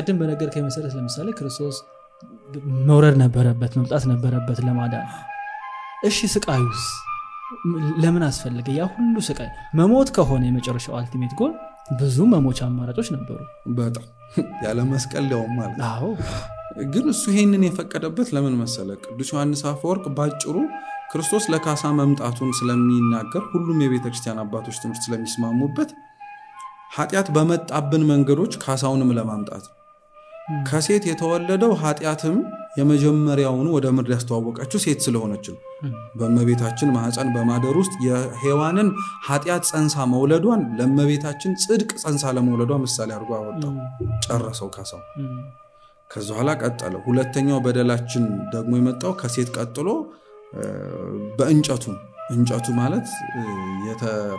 ቅድም በነገር ከመሰረት ለምሳሌ ክርስቶስ መውረድ ነበረበት መምጣት ነበረበት ለማዳን እሺ ስቃዩስ ለምን አስፈለገ ያ ሁሉ ስቃይ መሞት ከሆነ የመጨረሻው አልቲሜት ጎል ብዙ መሞቻ አማራጮች ነበሩ በጣም ያለመስቀል ሊያውም ማለት ግን እሱ ይሄንን የፈቀደበት ለምን መሰለ ቅዱስ ዮሐንስ አፈወርቅ ባጭሩ ክርስቶስ ለካሳ መምጣቱን ስለሚናገር ሁሉም የቤተ ክርስቲያን አባቶች ትምህርት ስለሚስማሙበት ኃጢአት በመጣብን መንገዶች ካሳውንም ለማምጣት ነው ከሴት የተወለደው ኃጢአትም የመጀመሪያውን ወደ ምድር ያስተዋወቀችው ሴት ስለሆነች ነው። በእመቤታችን ማህፀን በማደር ውስጥ የሔዋንን ኃጢአት ፀንሳ መውለዷን ለእመቤታችን ጽድቅ ፀንሳ ለመውለዷ ምሳሌ አድርጎ አወጣው። ጨረሰው ከሰው ከዚ ኋላ ቀጠለ። ሁለተኛው በደላችን ደግሞ የመጣው ከሴት ቀጥሎ በእንጨቱ እንጨቱ ማለት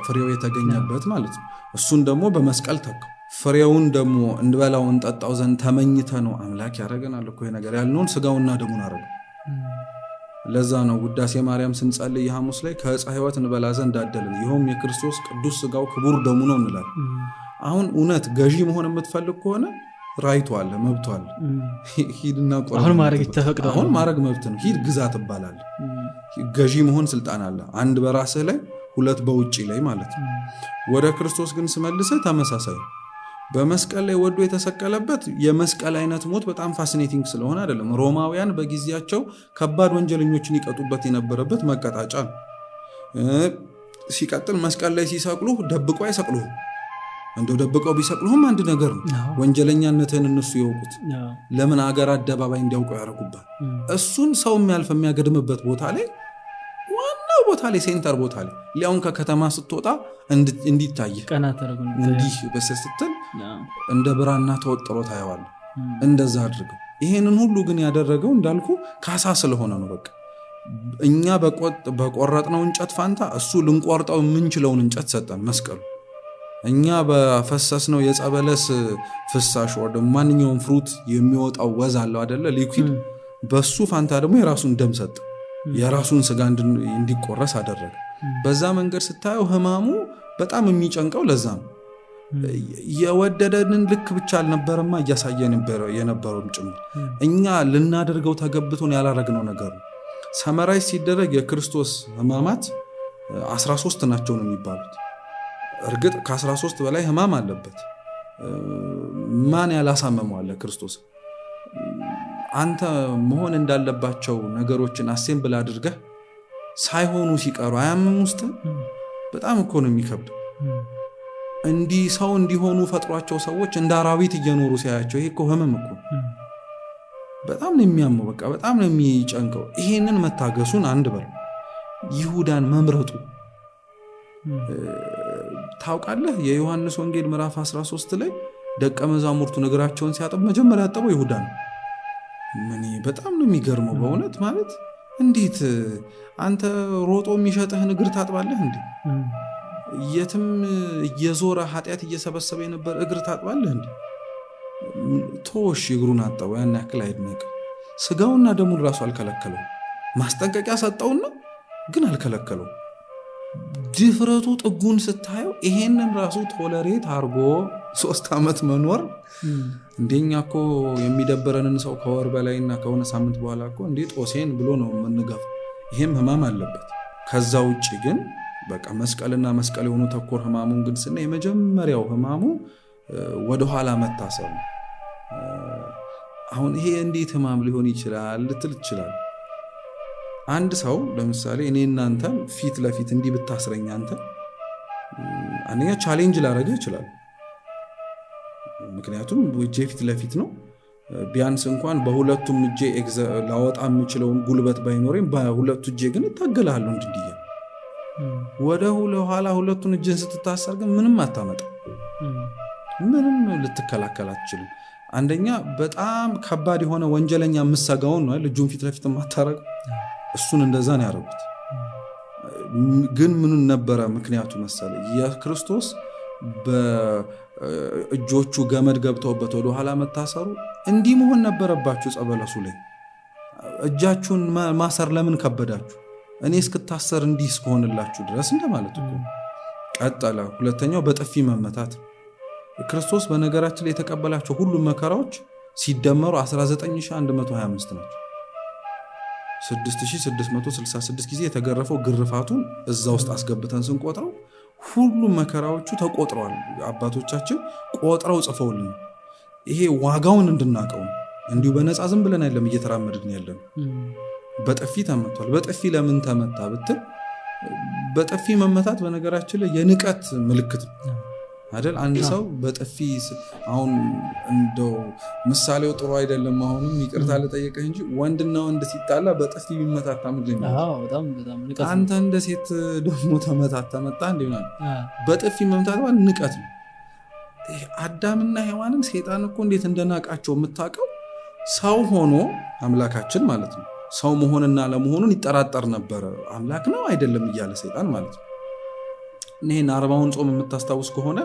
ፍሬው የተገኘበት ማለት ነው። እሱን ደግሞ በመስቀል ተካው። ፍሬውን ደግሞ እንበላው እንጠጣው ዘንድ ተመኝተ ነው አምላክ ያደረገናል እኮ ነገር ያልነውን ስጋውና ደሙን አረገ። ለዛ ነው ውዳሴ ማርያም ስንጸልይ የሐሙስ ላይ ከዕፀ ህይወት እንበላ ዘንድ አደልን፣ ይኸውም የክርስቶስ ቅዱስ ስጋው ክቡር ደሙ ነው እንላል አሁን እውነት ገዢ መሆን የምትፈልግ ከሆነ ራይቷል መብቷል። ሂድና አሁን ማድረግ መብት ነው። ሂድ ግዛ ትባላል። ገዢ መሆን ስልጣን አለ። አንድ በራስህ ላይ ሁለት በውጭ ላይ ማለት ነው። ወደ ክርስቶስ ግን ስመልሰ ተመሳሳይ በመስቀል ላይ ወዶ የተሰቀለበት የመስቀል አይነት ሞት በጣም ፋሲኔቲንግ ስለሆነ አይደለም። ሮማውያን በጊዜያቸው ከባድ ወንጀለኞችን ይቀጡበት የነበረበት መቀጣጫ ነው። ሲቀጥል መስቀል ላይ ሲሰቅሉ ደብቆ አይሰቅሉህም። እንደው ደብቀው ቢሰቅሉህም አንድ ነገር ነው። ወንጀለኛነትህን እነሱ ይወቁት። ለምን አገር አደባባይ እንዲያውቀው ያደረጉበት እሱን ሰው የሚያልፍ የሚያገድምበት ቦታ ላይ ቦታ ላይ ሴንተር ቦታ ላይ ሊያውም ከከተማ ስትወጣ እንዲታይ እንዲህ በስ ስትል እንደ ብራና ተወጥሮ ታየዋል። እንደዛ አድርገው ይሄንን ሁሉ ግን ያደረገው እንዳልኩ ካሳ ስለሆነ ነው። በቃ እኛ በቆረጥነው እንጨት ፋንታ እሱ ልንቆርጠው የምንችለውን እንጨት ሰጠን መስቀሉ። እኛ በፈሰስነው የጸበለስ ፍሳሽ ወደ ማንኛውም ፍሩት የሚወጣው ወዝ አለው አደለ ሊኩድ፣ በሱ ፋንታ ደግሞ የራሱን ደም ሰጠ የራሱን ስጋ እንዲቆረስ አደረገ። በዛ መንገድ ስታየው ህማሙ በጣም የሚጨንቀው ለዛ ነው። የወደደንን ልክ ብቻ አልነበረማ እያሳየ የነበረውም ጭምር እኛ ልናደርገው ተገብቶን ያላረግነው ነገር ነው። ሰመራይ ሲደረግ የክርስቶስ ህማማት 13 ናቸው ነው የሚባሉት። እርግጥ ከ13 በላይ ህማም አለበት። ማን ያላሳመመዋለ ክርስቶስ አንተ መሆን እንዳለባቸው ነገሮችን አሴምብል አድርገህ ሳይሆኑ ሲቀሩ አያምም ውስጥ በጣም እኮ ነው የሚከብድ እንዲህ ሰው እንዲሆኑ ፈጥሯቸው ሰዎች እንደ አራዊት እየኖሩ ሲያያቸው ይሄ ህመም እኮ በጣም ነው የሚያመው። በቃ በጣም ነው የሚጨንቀው። ይሄንን መታገሱን አንድ በል ይሁዳን መምረጡ ታውቃለህ። የዮሐንስ ወንጌል ምዕራፍ 13 ላይ ደቀ መዛሙርቱ ነገራቸውን ሲያጥብ መጀመሪያ ያጠበው ይሁዳ ነው። ምን በጣም ነው የሚገርመው በእውነት ማለት እንዴት አንተ ሮጦ የሚሸጥህን እግር ታጥባለህ እንዴ? የትም እየዞረ ኃጢአት እየሰበሰበ የነበር እግር ታጥባለህ እንዴ? ቶሽ እግሩን አጠበው። ያን ያክል አይድነቅ። ስጋውና ደሙን ራሱ አልከለከለው። ማስጠንቀቂያ ሰጠውና ግን አልከለከለው። ድፍረቱ ጥጉን ስታየው ይሄንን ራሱ ቶለሬት አርጎ ሶስት ዓመት መኖር እንደኛ እኮ የሚደብረንን ሰው ከወር በላይና ከሆነ ሳምንት በኋላ እኮ እንዴ ጦሴን ብሎ ነው የምንገፍ። ይህም ህማም አለበት። ከዛ ውጭ ግን በቃ መስቀልና መስቀል የሆኑ ተኮር ህማሙን ግን ስና የመጀመሪያው ህማሙ ወደኋላ መታሰብ ነው። አሁን ይሄ እንዴት ህማም ሊሆን ይችላል ልትል ይችላል። አንድ ሰው ለምሳሌ እኔ እናንተ ፊት ለፊት እንዲህ ብታስረኝ አንተ አንደኛ ቻሌንጅ ላረገ ይችላል ምክንያቱም እጄ ፊት ለፊት ነው። ቢያንስ እንኳን በሁለቱም እጄ ላወጣ የምችለውን ጉልበት ባይኖሬም በሁለቱ እጄ ግን እታገላለሁ እንድድየ ወደ ኋላ ሁለቱን እጅን ስትታሰር ግን ምንም አታመጣ፣ ምንም ልትከላከል አትችልም። አንደኛ በጣም ከባድ የሆነ ወንጀለኛ የምሰጋውን ነው ልጁን ፊት ለፊት የማታረግ እሱን እንደዛ ነው ያደረጉት። ግን ምኑን ነበረ ምክንያቱ መሰለ የክርስቶስ እጆቹ ገመድ ገብተውበት ወደኋላ መታሰሩ እንዲህ መሆን ነበረባችሁ። ጸበለሱ ላይ እጃችሁን ማሰር ለምን ከበዳችሁ? እኔ እስክታሰር እንዲህ እስከሆንላችሁ ድረስ እንደማለት እኮ። ቀጠለ። ሁለተኛው በጥፊ መመታት። ክርስቶስ በነገራችን ላይ የተቀበላቸው ሁሉም መከራዎች ሲደመሩ 19125 ናቸው። 6666 ጊዜ የተገረፈው ግርፋቱን እዛ ውስጥ አስገብተን ስንቆጥረው ሁሉም መከራዎቹ ተቆጥረዋል። አባቶቻችን ቆጥረው ጽፈውልን ይሄ ዋጋውን እንድናቀው እንዲሁ በነፃ ዝም ብለን አይለም እየተራመድን ያለን። በጥፊ ተመቷል። በጥፊ ለምን ተመታ ብትል በጥፊ መመታት በነገራችን ላይ የንቀት ምልክት ነው። አይደል አንድ ሰው በጥፊ አሁን እንደው ምሳሌው ጥሩ አይደለም። አሁንም ይቅርታ ልጠየቅህ እንጂ ወንድና ወንድ ሲጣላ በጥፊ ቢመታታ ምድለኛ አንተ እንደ ሴት ደግሞ ተመታታ መጣ እንዲ በጥፊ መምታት ንቀት ነው። አዳምና ሔዋንም ሴጣን እኮ እንዴት እንደናቃቸው የምታውቀው ሰው ሆኖ አምላካችን ማለት ነው ሰው መሆንና ለመሆኑን ይጠራጠር ነበረ። አምላክ ነው አይደለም እያለ ሴጣን ማለት ነው ይህን አርባውን ጾም የምታስታውስ ከሆነ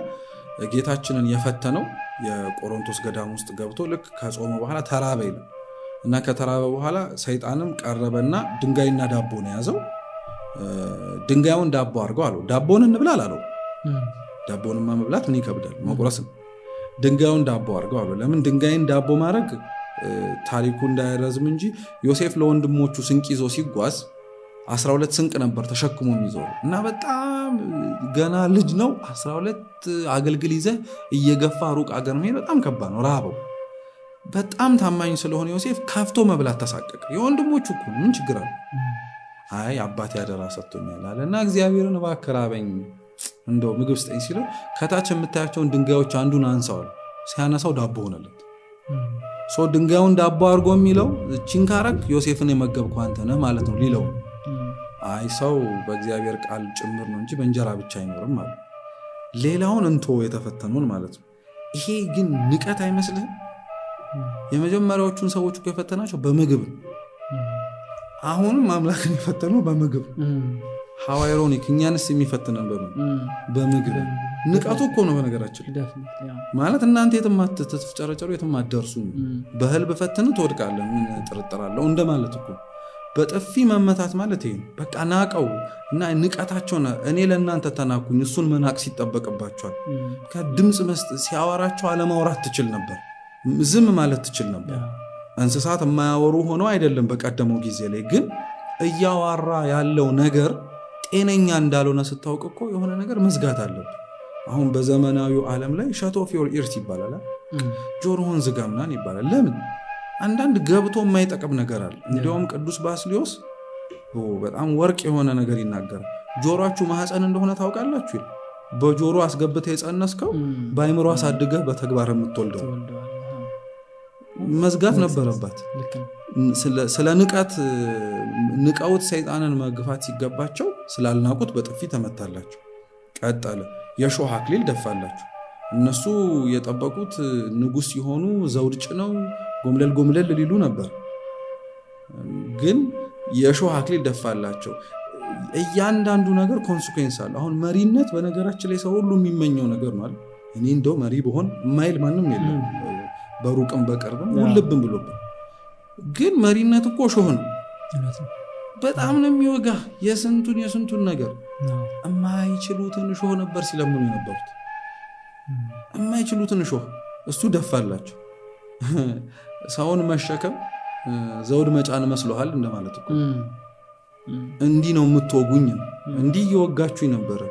ጌታችንን የፈተነው የቆሮንቶስ ገዳም ውስጥ ገብቶ ልክ ከጾመ በኋላ ተራበ ይላል እና ከተራበ በኋላ ሰይጣንም ቀረበና ድንጋይና ዳቦ ነው የያዘው። ድንጋዩን ዳቦ አድርገው አለው። ዳቦን እንብላል አለው ዳቦንማ መብላት ምን ይከብዳል፣ መቁረስ ነው። ድንጋዩን ዳቦ አድርገው አለው። ለምን ድንጋይን ዳቦ ማድረግ ታሪኩ እንዳይረዝም እንጂ ዮሴፍ ለወንድሞቹ ስንቅ ይዞ ሲጓዝ 12 ስንቅ ነበር ተሸክሞ የሚዞሩ እና በጣም ገና ልጅ ነው። 12 አገልግል ይዘህ እየገፋ ሩቅ አገር መሄድ በጣም ከባድ ነው። ረሃበው በጣም ታማኝ ስለሆነ ዮሴፍ ካፍቶ መብላት ተሳቀቀ። የወንድሞቹ እኮ ምን ችግር አለ? አይ አባት ያደራ ሰጥቶኛል አለ እና እግዚአብሔርን ባከራበኝ እንደው ምግብ ስጠኝ ሲለው ከታች የምታያቸውን ድንጋዮች አንዱን አንሳዋል። ሲያነሳው ዳቦ ሆነለት። ድንጋዩን ዳቦ አድርጎ የሚለው ቺንካረክ ዮሴፍን የመገብ ኳንተነ ማለት ነው ሊለው አይ ሰው በእግዚአብሔር ቃል ጭምር ነው እንጂ በእንጀራ ብቻ አይኖርም አሉ። ሌላውን እንቶ የተፈተኑን ማለት ነው። ይሄ ግን ንቀት አይመስልህም? የመጀመሪያዎቹን ሰዎች የፈተናቸው በምግብ ነው። አሁንም አምላክን የፈተኑ በምግብ ሀው አይሮኒክ እኛንስ የሚፈትነን በምን በምግብ ንቀቱ እኮ ነው። በነገራችን ማለት እናንተ የትም አትጨረጨሩ የትም አትደርሱም፣ በእህል ብፈትን ትወድቃለህ፣ ምን ጥርጥር አለው እንደማለት እኮ በጥፊ መመታት ማለት ይሄ በቃ ናቀው እና ንቀታቸው እኔ ለእናንተ ተናኩኝ። እሱን መናቅ ሲጠበቅባቸዋል። ከድምፅ መስጥ ሲያወራቸው አለማውራት ትችል ነበር፣ ዝም ማለት ትችል ነበር። እንስሳት የማያወሩ ሆነው አይደለም በቀደመው ጊዜ ላይ ግን እያዋራ ያለው ነገር ጤነኛ እንዳልሆነ ስታውቅ እኮ የሆነ ነገር መዝጋት አለብን። አሁን በዘመናዊው ዓለም ላይ ሸቶፍ ኢርስ ይባላል፣ ጆሮሆን ዝጋ ይባላል። ለምን አንዳንድ ገብቶ የማይጠቅም ነገር አለ። እንዲያውም ቅዱስ ባስሊዮስ በጣም ወርቅ የሆነ ነገር ይናገራል። ጆሯችሁ ማህፀን እንደሆነ ታውቃላችሁ። በጆሮ አስገብተ የጸነስከው በአይምሮ አሳድገህ በተግባር የምትወልደው መዝጋት ነበረባት። ስለ ንቀት ንቀውት ሰይጣንን መግፋት ሲገባቸው ስላልናቁት በጥፊ ተመታላቸው። ቀጠለ። የሾህ አክሊል ደፋላቸው። እነሱ የጠበቁት ንጉስ ሲሆኑ ዘውድጭ ነው ጎምለል ጎምለል ሊሉ ነበር፣ ግን የእሾህ አክሊል ደፋላቸው። እያንዳንዱ ነገር ኮንስኩዌንስ አለ። አሁን መሪነት በነገራችን ላይ ሰው ሁሉ የሚመኘው ነገር ነው። እኔ እንደው መሪ በሆን ማይል ማንም የለ በሩቅም በቅርብም ውልብም ብሎብን። ግን መሪነት እኮ እሾህ ነው። በጣም ነው የሚወጋ። የስንቱን የስንቱን ነገር የማይችሉትን እሾህ ነበር ሲለምኑ የነበሩት። የማይችሉትን እሾህ እሱ ደፋላቸው። ሰውን መሸከም ዘውድ መጫን መስሎሃል እንደማለት እኮ እንዲህ ነው የምትወጉኝ እንዲህ እየወጋችሁኝ ነበረ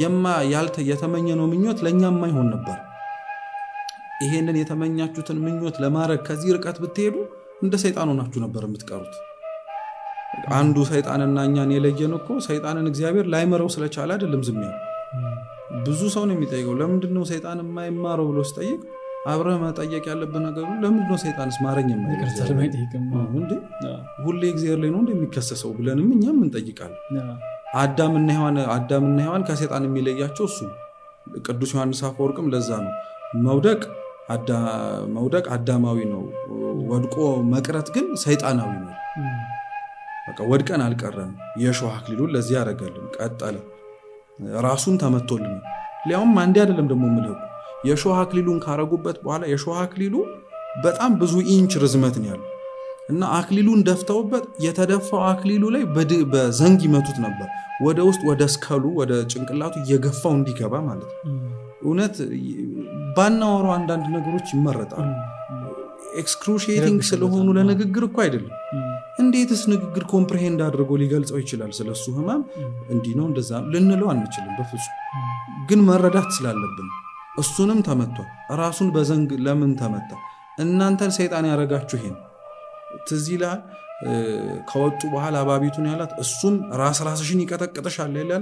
የማ ያልተ የተመኘ ነው ምኞት ለእኛ ይሆን ነበር ይሄንን የተመኛችሁትን ምኞት ለማድረግ ከዚህ ርቀት ብትሄዱ እንደ ሰይጣን ሆናችሁ ነበር የምትቀሩት አንዱ ሰይጣንና እኛን የለየን እኮ ሰይጣንን እግዚአብሔር ላይመረው ስለቻለ አይደለም ዝሚያ ብዙ ሰው ነው የሚጠይቀው ለምንድነው ሰይጣን የማይማረው ብሎ ሲጠይቅ አብረህ መጠየቅ ያለብህ ነገሩ ለምንድን ነው ሰይጣንስ ማረኝ ሁሌ እግዚአብሔር ላይ ነው እንደ የሚከሰሰው ብለንም እኛም እንጠይቃለን። አዳምና ሔዋን ከሰይጣን የሚለያቸው እሱ ቅዱስ ዮሐንስ አፈወርቅም ለዛ ነው መውደቅ መውደቅ አዳማዊ ነው፣ ወድቆ መቅረት ግን ሰይጣናዊ ነው። በቃ ወድቀን አልቀረም የእሾህ አክሊሉ ለዚህ ያደረገልን ቀጠለ። ራሱን ተመቶልን ሊያውም አንዴ አይደለም ደግሞ ምልህቁ የእሾህ አክሊሉን ካረጉበት በኋላ የእሾህ አክሊሉ በጣም ብዙ ኢንች ርዝመት ነው ያለው እና አክሊሉን ደፍተውበት የተደፋው አክሊሉ ላይ በዘንግ ይመቱት ነበር። ወደ ውስጥ ወደ ስከሉ ወደ ጭንቅላቱ እየገፋው እንዲገባ ማለት ነው። እውነት ባናወራው አንዳንድ ነገሮች ይመረጣሉ። ኤክስክሩሽቲንግ ስለሆኑ ለንግግር እኮ አይደለም። እንዴትስ ንግግር ኮምፕሬሄንድ አድርጎ ሊገልጸው ይችላል? ስለሱ ህመም እንዲህ ነው እንደዛ ልንለው አንችልም በፍጹም ግን መረዳት ስላለብን እሱንም ተመቷል። ራሱን በዘንግ ለምን ተመታ? እናንተን ሰይጣን ያደረጋችሁ ይሄን ትዝ ይልሃል። ከወጡ በኋላ አባቢቱን ያላት እሱም ራስ ራስሽን ይቀጠቅጥሻል ያለ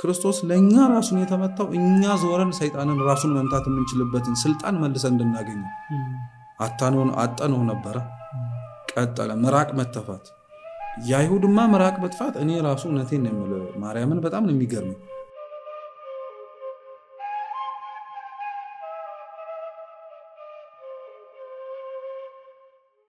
ክርስቶስ ለእኛ ራሱን የተመታው እኛ ዞረን ሰይጣንን ራሱን መምታት የምንችልበትን ስልጣን መልሰ እንድናገኝ አጠነው ነበረ። ቀጠለ ምራቅ መተፋት የአይሁድማ ምራቅ መጥፋት እኔ ራሱ እውነቴን ነው የምልህ ማርያምን በጣም ነው የሚገርመኝ